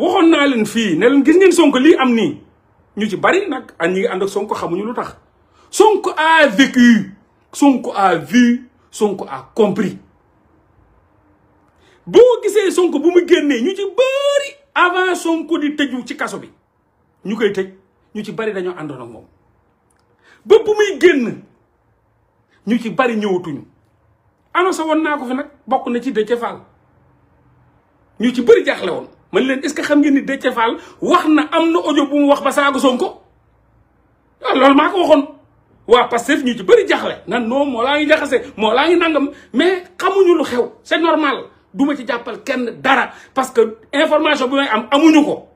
waxoon naa leen fii ne leen gis ngeen sonk lii am nii ñu ci bari nag a ñi ngi ak Sonko xamuñu lu tax sonk a vécu sonk a vu a compris boo gisee sonk bu mu génnee ñu ci bari avant Sonko di tëju ci kaso bi ñu koy tëj ñu ci bari dañoo àndoon ak moom ba bu muy génn ñu ci bari ñëwatuñu annoncé woon naa ko fi nag bokk na ci Déthié Fall ñu ci bari jaaxle woon man leen est-ce que xam ngeen ni Déthié Fall wax na am na ojo bu mu wax ba saaga Sonko waaw ah, loolu maa ko waxoon waa Pastef ñu ci bëri jaxle nan non moo laa ngi jaxase moo laa ngi nangam mais xamuñu lu xew c'est normal duma ci jàppal kenn dara parce que information bi may am amuñu ko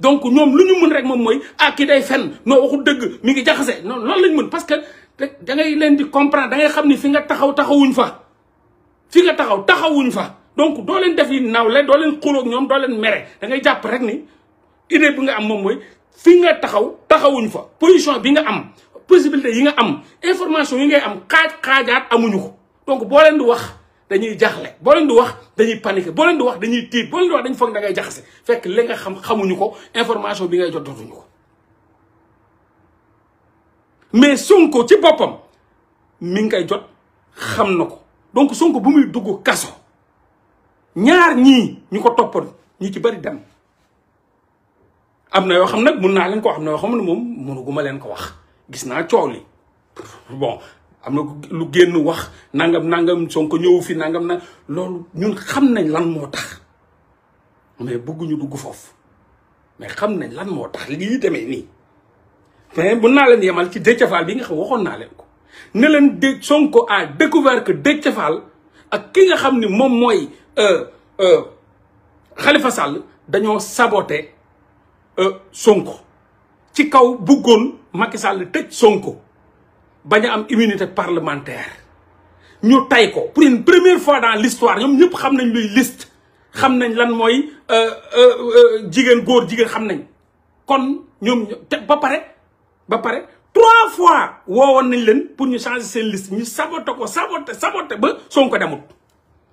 donc ñoom lu ñu mën rek moom mooy ah fen noo waxul dëgg mi ngi jaxase non loolu lañ mën parce que da ngay leen di comprendre dangay xam ni fi nga taxaw taxawuñ fa fi nga taxaw taxawuñ fa donc doo leen def yi nawle doo leen xulóog ñoom doo leen mere da ngay jàpp rek ni idée bi nga am moom mooy fi nga taxaw taxawuñ fa position bi nga am possibilité yi nga am information yi ngay am xaaj xaajaat amuñu ko donc boo leen di wax dañuy jaaxle boo leen di wax dañuy paniquer boo leen di wax dañuy tiit boo leen di wax dañu foog da ngay jaxase fekk li nga xam xamuñu ko information bi ngay jot jotuñu ko mais ko ci boppam mu ngi koy jot xam na ko donc Sonko bu muy dugg kaso ñaar ñii ñu ko toppoon ñu ci bari dem am na yoo xam ne mun naa leen ko wax am na yoo xam ne moom mënuguma leen ko wax gis naa coow li bon am na lu wax nangam nangam Sonko ñëw fi nangam nag loolu ñun xam nañ lan moo tax mais bëgguñu dugg foofu mais xam nañ lan moo tax lii demee nii mais mun naa leen yemal ci Déthié Fall bi nga xam waxoon naa leen ko ne Sonko a découvert que ak ki nga xam ni moom mooy Euh, euh, Khalifa Sall dañoo saboté euh, Sonko ci kaw buggoon Macky Sonko am immunité parlementaire ñu tay ko pour une première fois dans l'histoire ñom ñëpp xam une liste xam nañ lan fait une liste. xam nañ kon liste. ba paré ba paré trois fois won nañ leen pour ñu changer une liste ñu saboté ko saboté ba Sonko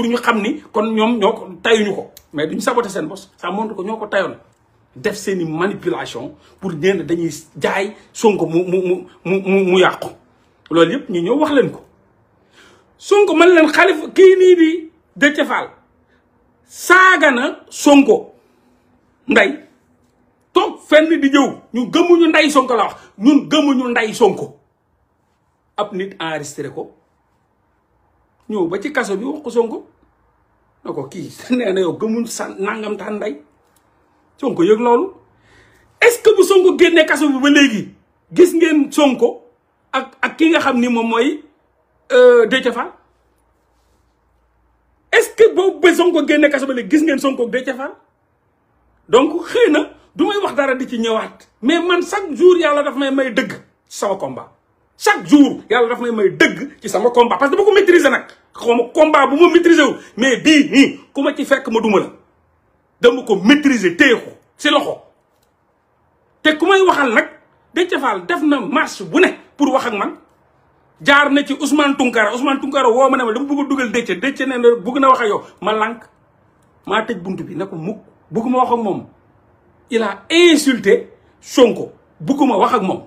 pour ñu xam ni kon ñoom ñoo ko tayuñu ko mais duñu sabote seen bos ça montre ko ñoo ko tayoon def seeni manipulation pour ñenn dañuy jaay Sonko mu mu mu mu mu yàqu loolu yëpp ñu ñëw wax leen ko Sonko man leen Khalifa kii nii di Déthié Fall na Sonko nday toog fenn di jëw ñu gëmuñu nday Sonko la wax ñun gëmuñu nday Sonko ab nit enregistré ko ñëw ba ci kasso bi wax ko sonko nako ki neena yow gëmul san nangam tan day sonko yeug loolu est ce que bu sonko genné kasso bi ba légui gis ngeen sonko ak ak ki nga xamni ni moy euh Déthié fa est ce que boobu sonko genné kasso ba légui gis ngeen sonko ak Déthié donc xeyna na wax dara di ci ñëwaat mais man chaque jour yalla daf may may deug sama combat chaque jour yalla daf may may qui ci sama combat parce que dama ko maîtriser nak xoma combat bu maîtriser mais bi ni ku ma ci fekk ma duma la dama ko maîtriser téye loxo te waxal marche bu pour wax ak man jaar na ci Ousmane Tunkara. Ousmane Tunkara wo ma ne ma dama bëgg a ne na bëgg na ma bi ne bëgguma wax ak il a insulté Sonko bëgguma wax ak mom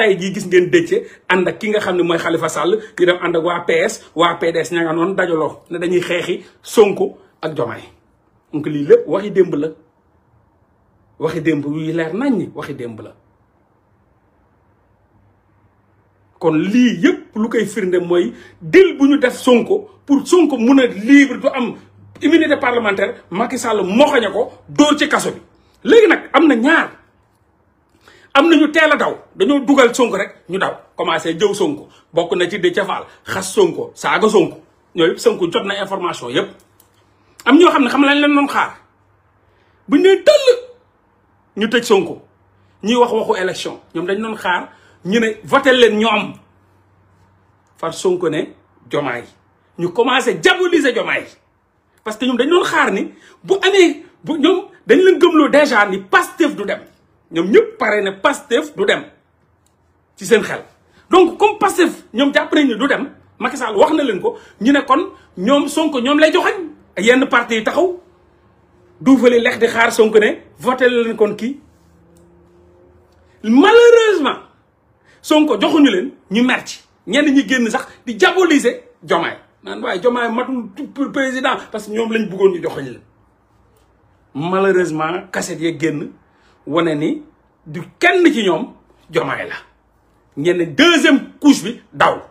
tey jii gis ngeen dëcce ànd ak ki nga xam ne mooy xalifa Sall ñu dem ànd ak waa PS waa PDS ña nga noonu dajaloo ne dañuy xeexi Sonko ak Jomaay donc lii lépp waxi démb la waxi démb yuy leer nañ ñi waxi démb la kon lii yëpp lu koy firnde mooy dil bu ñu def Sonko pour Sonko mun a libre du am immunité parlementaire Macky Sall moxoñe ko dóor ci kaso bi léegi nag am na ñaar am na ñu teel a daw dañoo dugal Sonko rek ñu daw commencé jëw Sonko bokk na ci Déthié Fall xas Sonko saaga Sonko ñooyu Sonko jot na information yépp am ñoo xam ne xam lañ leen doon xaar bu ñu nee tëll ñu tëj Sonko ñuy wax waxu élection ñoom dañ doon xaar ñu ne voté leen ñoom far Sonko ne jomaay ñu commencé diaboliser jomaay parce que ñoom dañ doon xaar ni bu amee bu ñoom dañ leen gëmloo déjà ni Pastef du dem ñom ñëpp paré ne Pastef du dem ci seen xel donc comme Pastef ñom nous nañ ne du dem Macky Sall wax na leen ko ñu ne kon ñom Sonko ñom lay yenn parti taxaw lex di xaar Sonko né voté leen kon ki malheureusement Sonko joxuñu leen ñu mer ci ñi génn sax di diaboliser Jomaay pas way Jomaay matul président parce que ñom lañ bëggoon ñu malheureusement cassette génn wane ni du kenn ci ñoom jomaay la ñenn deuxième couche bi daw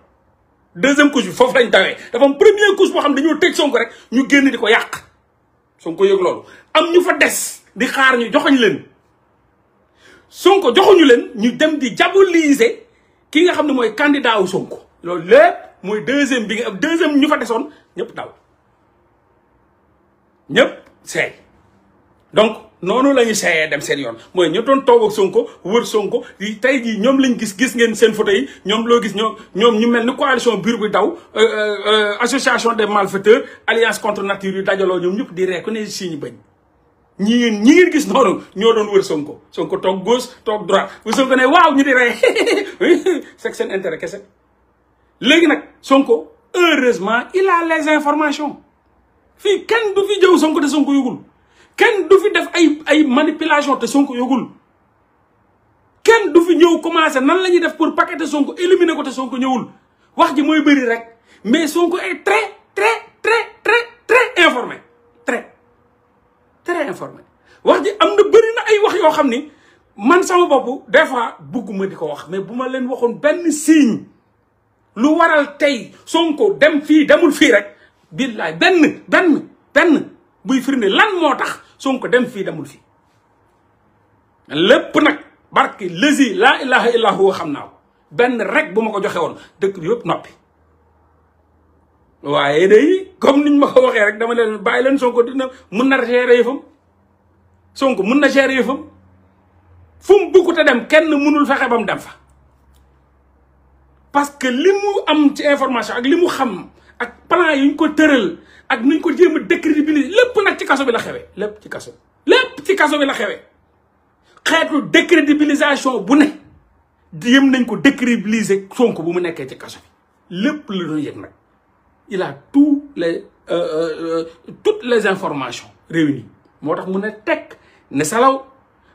deuxième couche bi foofu lañ dawee dafa am première couche boo xam ne dañoo tëj Sonko rek ñu génn di ko yàq Sonko yëg loolu am ñu fa des di xaar ñu joxoñ leen Sonko joxuñu leen ñu dem di diaboliser ki nga xam ne mooy candidat wu Sonko loolu lépp mooy deuxième bi nga deuxième ñu fa desoon ñëpp daw ñëpp seey donc noonu lañu ñu dem sen yoon moy ñu doon togo Sonko wër Sonko di tay ñom lañu gis gis ngeen sen photo yi ñom lo gis ñom ñom ñu coalition daw euh, euh, euh, association des malfaiteurs alliance contre nature yu dajalo ñom di rek ne bañ ñi ñi gis ño doon wër Sonko Sonko toog gauche droite bu Sonko ne waaw ñu di ray c'est sen intérêt légui nak Sonko heureusement il a les informations fi kenn du fi jëw Sonko de Sonko Ken du fi def ay ay manipulation te Sonko yogul ken du fi ñew commencer nan lañuy def pour paqueter Sonko éliminer ko te Sonko ñewul wax ji moy bëri rek mais Sonko est très très très très très informé très très informé wax ji amna na bëri na ay wax yo xamni man sama bopp des fois bëgguma di wax mais buma leen waxon ben signe lu waral tay Sonko dem fi demul fi rek billahi ben ben ben buy firnde lan moo tax Sonko dem fii demul fi lépp nag barke lesi laa ilaha illa xam naa ko benn rek bu ma ko joxe woon dëkk bi yëpp noppi waaye day comme niñ ma ko waxee rek dama leen bàyyi leen ko dina mun na gérer yëfam Sonko mun na gérer yëfam fu mu bugg dem kenn mënul fexe ba mu dem fa parce que li am ci information ak li mu xam ak plan yi ko tëral ak nuñ ko jéem a décrédibiliser lépp nag ci kaso bi la xewe lépp ci kaso lépp ci kaso bi la xewe xeetu décrédibilisation bu ne jéem nañ ko décrédibiliser Sonko bu mu nekkee ci kaso bi lépp la doon yëg nag il a tous les euh, euh, euh, toutes les informations réunies moo tax mu ne tekk ne salaw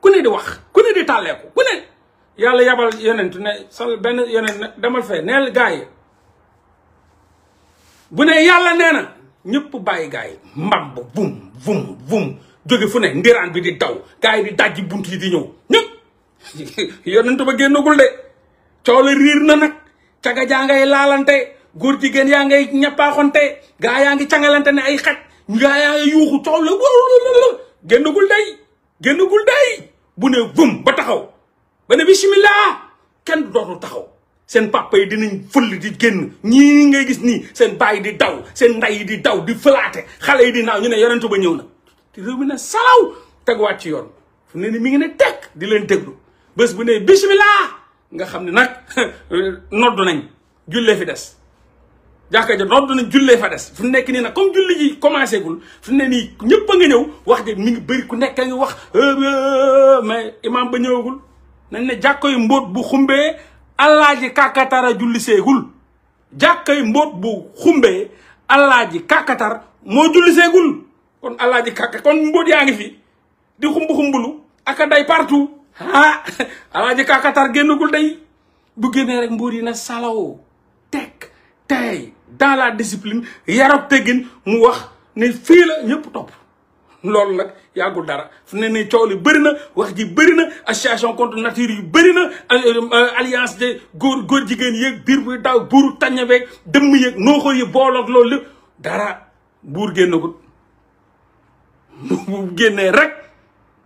ku ne di wax ku ne di tàlleeku ku ne yàlla yabal yonent ne sal benn yonent ne demal fee neel gaay bu ne yàlla nee na ñëpp bàyyi gaa mbamb vum vum vum jóge fu ne ndiraan bi di daw gaa di dajji bunt yi di ñëw ñëpp yonent ba génnagul de coow la riir na nag caga jaa ngay laalante góor jigéen yaa ngay ñappaaxonte gaa yaa ngi cangalante ne ay xaj gaa yaa ngi yuuxu coow la génnagul day génnagul day bu ne vum ba taxaw ba ne bismillah kenn dootul taxaw seen papa yi dinañ fëll di génn ñii ngay gis nii seen baay di daw seen ndey yi di daw di fëlaate xale yi di naaw ñu ne yonentu ba ñëw na te réew mi ne salaw teguwaat ci yoon fu ne ni mi ngi ne tekk di leen déglu bés bu ne bismillah nga xam ne nag noddu nañ jullee fi des jàkka ji doon na jullee fa des fu nekk nii na comme julli commence gul fu ne nii ñëpp a nga ñëw wax de mi ngi bëri ku nekk a ngi wax mais imaam ba ñëwagul nañ ne yu mboot bu xumbee allaaji kàkkatar a julli seegul jàkkoy mbóot bu xumbee allaaji kàkkatar moo julli seegul kon allaaji kàkka kon mboot yaa ngi fi di xumb xumbulu aka day partout ah allaaji kàkkatar génnagul day bu génnee rek mbóot yi na salaw tey dans la discipline yarab teggin mu wax ne fii la ñëpp topp loolu nag yàggul dara fu ne ni coow li bëri na wax ji bëri na association contre nature yu bëri na alliance de góor góor jigéen yéeg biir buy daw buur tàññe beeg dëmm yéeg nooxoo yi booloog loolu lépp dara buur génn génnagut bu génnee rek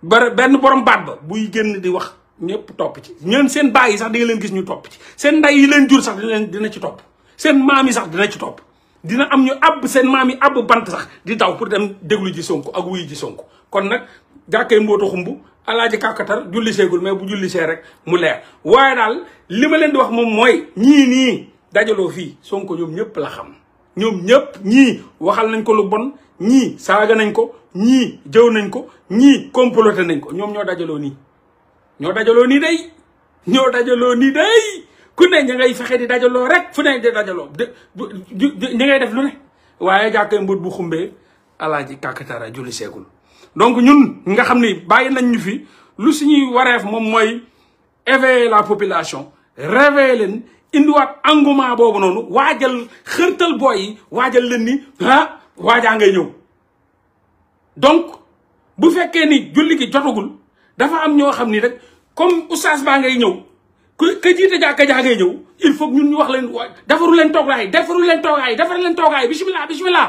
bare benn borom baat ba buy génn di wax ñëpp topp ci ñoom seen baay yi sax di leen gis ñu topp ci seen ndey yi leen jur sax dina ci topp seen maam sax dina ci topp dina am ñu àbb seen maam yi àbb bant sax di daw pour dem déglu ji Sonko ak wuyu ji Sonko kon nag jàkkee mbootu xumb alaaji kàkkatar julli seegul mais bu julli see rek mu leer waaye daal li ma leen di wax moom mooy ñii nii dajaloo fii Sonko ñoom ñëpp la xam ñoom ñëpp ñii waxal nañ ko lu bon ñii saaga nañ ko ñii jëw nañ ko ñii comploté nañ ko ñoom ñoo dajaloo nii ñoo dajaloo nii day ñoo dajaloo nii day ku ne ña ngay fexe di dajaloo rek fu ne di dajaloo de ñi ngay def lu ne waaye jàkkee mbut bu xumbee alaaji kàkkatara julli seegul donc ñun nga xam ni bàyyi nañ ñu fi lu suñuy wareef moom mooy éveiller la population réveiller leen indiwaat engouement boobu noonu waajal xërtal booy yi waajal leen ni ah waajaa ngay ñëw donc bu fekkee ni julli ki jotagul dafa am ñoo xam ni rek comme oustaz baa ngay ñëw ku ka jiite jàkka jaa ngay ñëw il faut ñun ñu wax leen wa defaru leen toogaay defaru leen toogaay defaru leen toogaay bisimilah bisimilah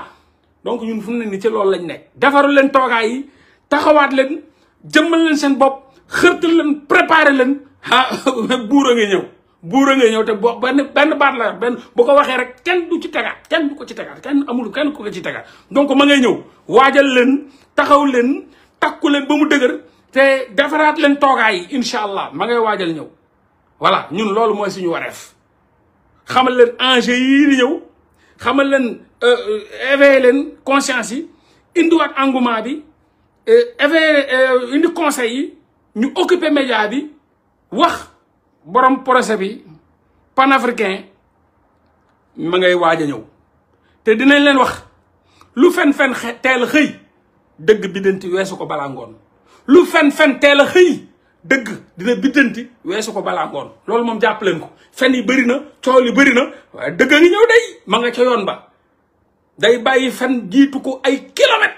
donc ñun fu mu ne ni ci loolu lañ nekk defaru leen toogaay taxawaat leen jëmmal leen seen bopp xërtal leen préparé leen ah buur a ñëw buur ñëw te boo benn benn baat la benn bu ko waxee rek kenn du ci tegaat kenn du ko ci tegaat kenn amul kenn ku ko ci tegaat donc ma ngay ñëw waajal leen taxaw leen takku leen ba mu dëgër te defaraat leen toogaay yi incha allah ma ngay waajal ñëw voilà ñun loolu mooy suñu wareef xamal leen enjeu yii di ñëw xamal leen euh, euh, éveiller leen conscience yi indiwaat engouement bi euh, éveiller indi conseil yi ñu occuper média bi wax borom projet bi panafricain ma ngay waaj a ñëw te dinañ leen wax lu fen-fen teel a xëy dëgg bi danti weesu ko balaa ngoon lu fen-fen teel a xëy dëgg dina biddanti weesu ko balaa ngoon loolu moom jàpp leen ko fen yi bëri na coow li bëri na waaye dëgg a ngi ñëw day ma nga ca yoon ba day bàyyi fen jiitu ko ay kilomètre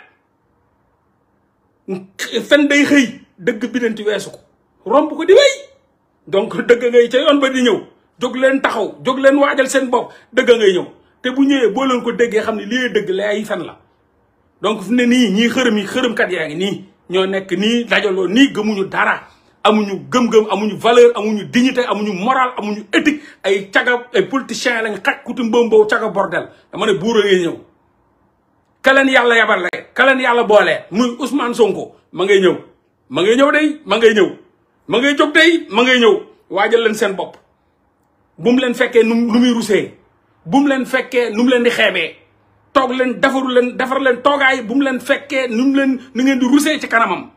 fen day xëy dëgg biddanti weesu ko romb ko di wey donc dëgg ngay ca yoon ba di ñëw jóg leen taxaw jóg leen waajal seen bopp dëgg ngay ñëw te bu ñëwee boo leen ko déggee xam ne lii dëgg la ay fen la donc fu ne nii ñii xërëm yi xërëmkat yaa ngi nii ñoo nekk nii dajaloo nii gëmuñu dara amuñu gëm-gëm amuñu valeur amuñu dignité amuñu moral amuñu éthique ay caga ay politiciens lañ xaj kuti mbëmbow caga bordel dama ne buur a ngay ñëw ka yàlla yabale ka yàlla boolee muy Ousmane Sonko ma ngay ñëw ma ngay ñëw day ma ngay ñëw ma ngay jóg day ma ngay ñëw waajal leen seen bopp bu mu leen fekkee nu nu muy rusee bu leen fekkee nu mu leen di xeebee toog leen defaru leen defar leen toogaay bu leen fekkee nu mu leen nu ngeen di rusee ci kanamam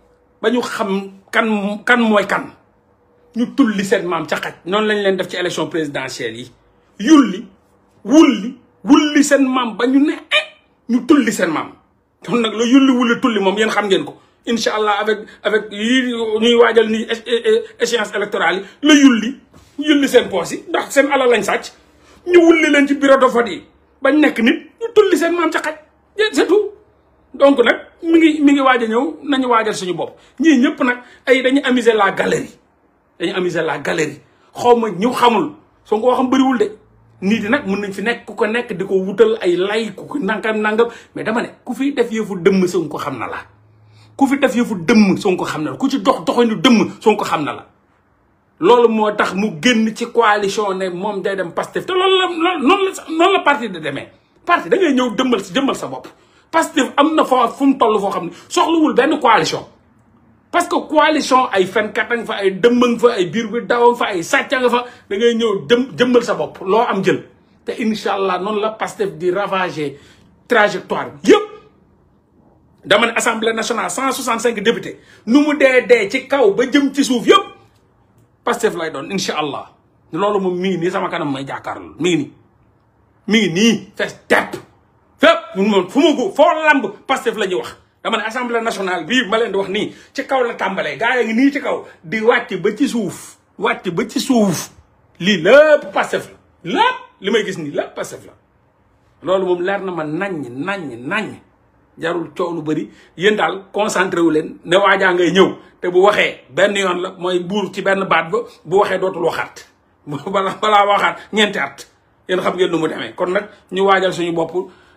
ba ñu xam kan kan mooy kan ñu tulli seen maam ca xaj noonu lañ leen def ci élection présidentielle yi yulli wulli wulli seen maam ba ñu ne eh, ñu tulli seen maam kon nag la yulli wulli tulli moom yéen xam ngeen ko incha allah avec avec yi ñuy waajal ni échéance électorale yi la yulli yulli seen poos yi ndax seen alal lañ sàcc ñu wulli leen ci bureau de vote yi bañ nekk nit ñu tulli seen maam ca xaj c'est donc nag mi ngi mi ngi waaj a ñëw nañu waajal suñu bopp ñii ñëpp nag ay dañu amuser la galerie dañu amuser la galerie xaw ma ñëw xamul soo ko waxam bëriwul de nit yi nag mën nañ fi nekk ku ko nekk di ko wutal ay lay ku ko nangam mais dama ne ku fi def yëfu dëmm soo ko xam na la ku fi def yëfu dëmm soo ko xam na la ku ci dox doxinu dëmm soo ko xam na la loolu moo tax mu génn ci coalition ne moom day dem Pastef te loolu la loolu noonu la parti de demee parti da ngay ñëw dëmmal sa jëmmal sa bopp Pastef am na foo fu mu toll foo xam ne soxlawul benn coalition parce que coalition ay fenkat nga fa ay dëmbang fa ay biir bi dawam fa ay sàcca fa da ngay ñëw jëm jëmmal sa bopp loo am jël te incha allah noonu la Pastef di ravager trajectoire bi yëpp dama ne assemblée nationale 165 députés nu mu dee dee ci kaw ba jëm ci suuf yëpp Pastef lay doon incha allah loolu moom mi nii sama kanam may jàkkaarloo mi ngi nii mi ngi nii fees tepp fépp moom fu ma ko foo lamb Pastef la ñuy wax dama ne assemblée nationale bii ma leen di wax nii ci kaw la tàmbalee gaa yi ngi nii ci kaw di wàcc ba ci suuf wàcc ba ci suuf lii lépp Pastef la lépp li gis nii lépp Pastef la loolu moom leer na ma naññ naññ naññ jarul coow lu bëri yéen daal concentré wu leen ne waajaa ngay ñëw te bu waxee benn yoon la mooy buur ci benn baat ba bu waxee dootul waxaat balaa balaa waxaat ñeenti at yéen xam ngeen nu mu demee kon nag ñu waajal suñu bopp